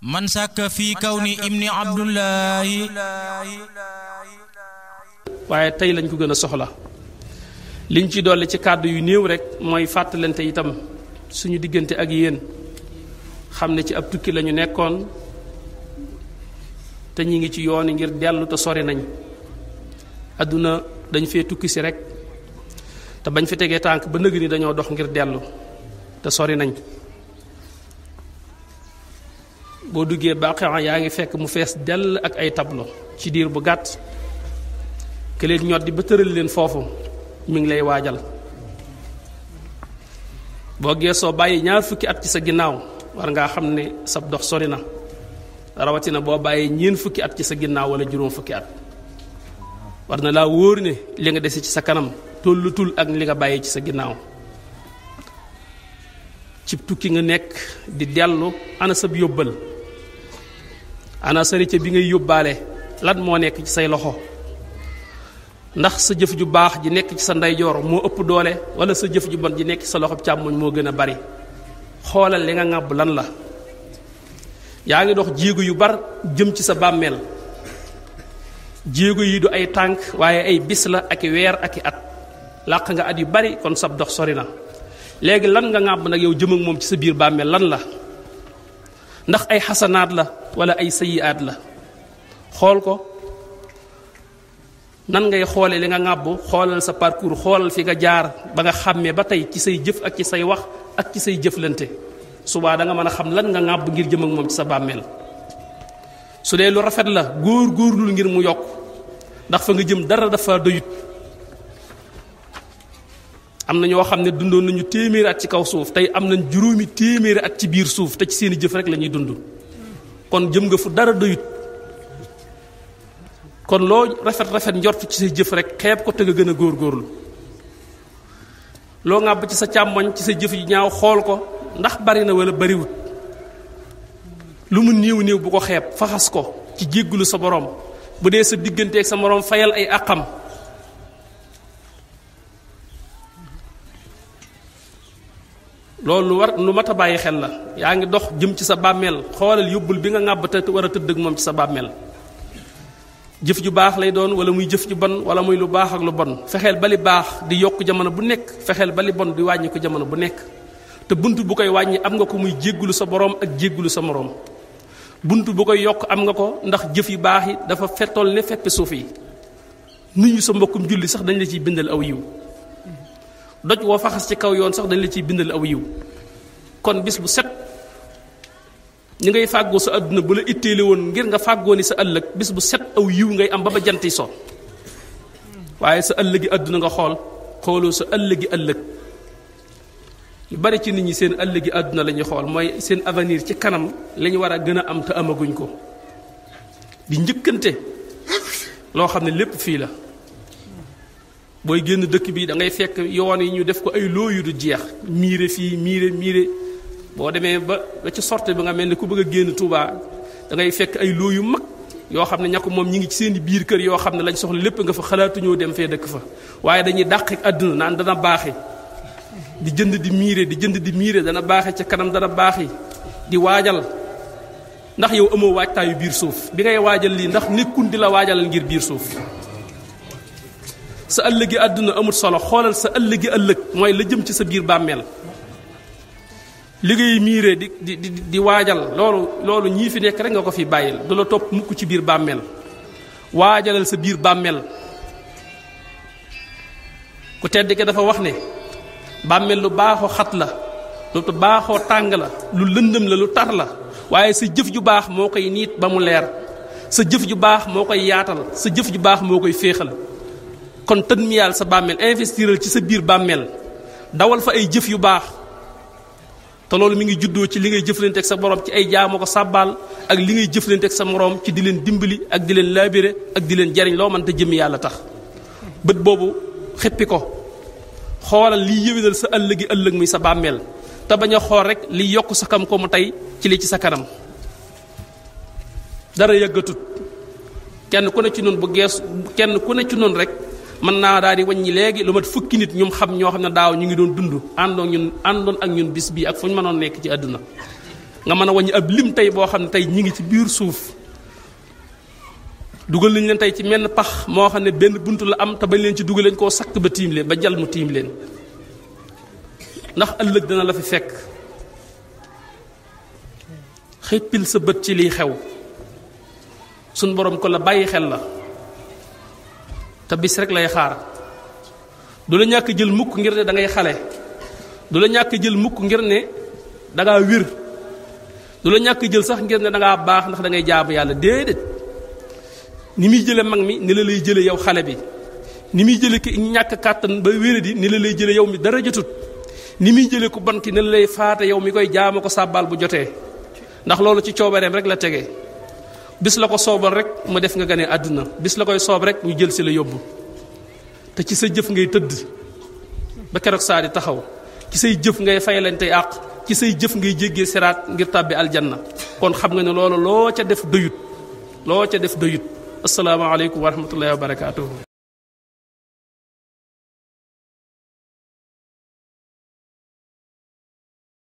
man sàkk fii kawni ibni abdullahi waaye tey lañ ko gën a soxla liñ ci dolli ci kàddu yu néew rek mooy fàttalante itam suñu diggante ak yéen xam ne ci ab tukki lañu nekkoon te ñu ngi ci yoon ngir dellu te sori nañ àdduna dañ fee tukki si rek te bañ fi tegee tànk ba nëg ni dañoo dox ngir dellu te sori nañ boo duggee bàqan yaa ngi fekk mu fees dell ak ay tablo ci diir bu gàtt ke leen ñoddi ba tëral leen foofu mu ngi lay waajal boo geesoo bàyyi ñaar fukki at ci sa ginnaaw war ngaa xam ne sab dox sori na rawatina boo bàyyi ñeen fukki at ci sa ginnaaw wala juróom fukki at war na laa wóor ne li nga dese ci sa kanam tollutul ak li nga bàyyi ci sa ginnaaw ci tukki nga nekk di dellu ana sab yóbbal ana sarica bi ngay yobale lan mo nek ci say loxo ndax sa jëf ju baax ji nek ci sa jor mo upp doole wala sa jëf ju bon ji nek ci sa loxo cham mo gëna bari xolal li nga ngab lan la yaangi dox jigu yu bar jëm ci sa bammel jigu yi du ay tank, waye ay bis la ak weer ak at laq nga at yu bari kon sab dox sori na léegi lan nga ngab nak yow jëm ak mom ci sa bir bammel lan la ndax ay xasanaat la wala ay sayiaat la xool ko nan ngay xoolee li nga ŋàbbu xoolal sa parcours xoolal fi nga jaar ba nga xàmmee ba tey ci say jëf ak ci say wax ak ci say jëflante subaa danga mën a xam lan nga ŋàbb ngir jëm ak moom ci sa bàmmeel su dee lu rafet la góor góorlul ngir mu yokk ndax fa nga jëm dara dafa doyut am na ñoo xam ne dundoon nañu téeméeri at ci kaw suuf tey am nañ juróomi téeméeri at ci biir suuf te ci seeni i jëf rek la ñuy dund kon jëm nga fu dara doyut kon loo rafet rafet njort ci sa jëf rek xeeb ko te a gën a góor góorlu loo ŋàbb ci sa càmmoñ ci sa jëf yu ñaaw xool ko ndax bari na walla bariwut lu mu néew néew bu ko xeeb faxas ko ci jéggulu sa borom bu dee sa digganteeg sa moroom fayal ay àqam loolu lu war lu mat a bàyyi xel la yaa ngi dox jëm ci sa bàmmeel xoolal yóbbul bi nga ŋàbb te war a tëdd ak moom ci sa bàmmeel jëf ju baax lay doon wala muy jëf ju bon wala muy lu baax ak lu bon fexeel ba li baax di yokk jamono bu nekk fexeel ba li bon di wàññi ko jamono bu nekk te bunt bu koy wàññi am nga ko muy jéggulu sa borom ak jéggulu sa moroom bunt bu koy yokk am nga ko ndax jëf yu baax yi dafa fettool ne feppi suuf yi nit ñu sa mbokkum julli sax dañ la ciy bindal aw yiw doj woo faxas ci kaw yoon sax dañ la ciy bindal aw yiw kon bis bu set ñu ngay fàggoo sa àdduna bu la itteele woon ngir nga fàggoo ni sa ëllëg bis bu set aw yiw ngay am ba ba jant yi so waaye sa ëllëgi àdduna nga xool xooloo sa ëllëgi àllëg ñu bari ci nit ñi seen ëllëgi àdduna la ñuy xool mooy seen avenir ci kanam lañu war a gën a am te amaguñ ko di njëkkante loo xam ne lépp fii la booy génn dëkk bi da ngay fekk yoon yi ñu def ko ay loo yu du jeex miire fii miire miire boo demee ba ba ci sorte bi nga mel ni ku bëgg a génn Touba da ngay fekk ay loo yu mag yoo xam ne ña ko moom ñi ngi ci seen i biir kër yoo xam ne lañ soxla lépp nga fa xalaatuñoo dem fee dëkk fa waaye dañuy dàq àdduna naan dana baaxee di jënd di miire di jënd di miire dana baaxee ca kanam dana baaxee di waajal ndax yow amoo waajtaayu biir suuf bi ngay waajal lii ndax nekkun di la waajalal ngir biir suuf sa ëllëgi àdduna amul solo xoolal sa ëllëgi ëllëg mooy la jëm ci sa biir bàmmeel liggéeyu miire miiree di di di waajal loolu loolu ñii fi nekk rek nga ko fi bàyyil du la topp mukk ci biir bàmmeel waajalal sa biir bàmmeel ku tedd ke dafa wax ne bàmmeel lu baaxoo xat la lu baaxoo tàng la lu lëndëm la lu tar la waaye sa jëf ju baax moo koy niit ba mu leer sa jëf ju baax moo koy yaatal sa jëf ju baax moo koy féexal kon tën miyaal sa bàmmeel investiral ci sa biir bàmmeel dawal fa ay jëf yu baax te loolu mi ngi juddoo ci li ngay jëflanteeg sa borom ci ay jaamu ko sàbbaal ak li ngay jëflanteeg sa moroom ci di leen dimbali ak di leen laabire ak di leen jariñ loo man te jëmmi yàlla tax bët boobu xippi ko xoolal liy yëwénal sa ëllëgi ëllëg muy sa bàmmeel te bañ a xool rek liy yokk sa kam ko mu tey ci li ci sa kanam dara yàggatut kenn ku ne ci noonu bu gees kenn ku ne ci noonu rek mën naa daal di wàññi léegi lu mat fukki nit ñoom xam ñoo xam ne daaw ñu ngi doon dund àndoon ñun àndoon ak ñun bis bii ak fu ñu mënoon nekk ci àdduna nga mën a wàññi ab lim tey boo xam ne tey ñi ngi ci biir suuf dugal nañ leen tey ci menn pax moo xam ne benn bunt la am te bañ leen ci dugal leen koo sakk ba tiim leen ba jal mu tiim leen ndax ëllëg dana la fi fekk xëppil sa bët ci liy xew suñ borom ko la bàyyi xel la te bis rek lay xaar du la ñàkk jël mukk ngir ne da ngay xale du la ñàkk jël mukk ngir ne da wir du la ñàkk jël sax ngir ne da ngaa baax ndax da ngay jaabu yàlla déedéet ni muy jële mag mi ni la lay jële yow xale bi ni muy jële ki ñàkk kàttan ba wéra di ni la lay jële yow mi dara jotut ni muy jële ku bon ki ni la lay faate yow mi koy jaama ko sàbbaal bu jotee ndax loolu ci coobareem rek la tege bis la ko soobal rek mu def nga gane àddina bis la koy soob rek mu jël si la yóbbu te ci sa jëf ngay tëdd ba keroog saa taxaw ci say jëf ngay fayalantey àq ci say jëf ngay jéggee siraat ngir tàbbi aljanna kon xam nga ne loolu loo ca def doyut loo ca def doyut asalaamaaleykum wa rahmatullahi wa barakaatuhu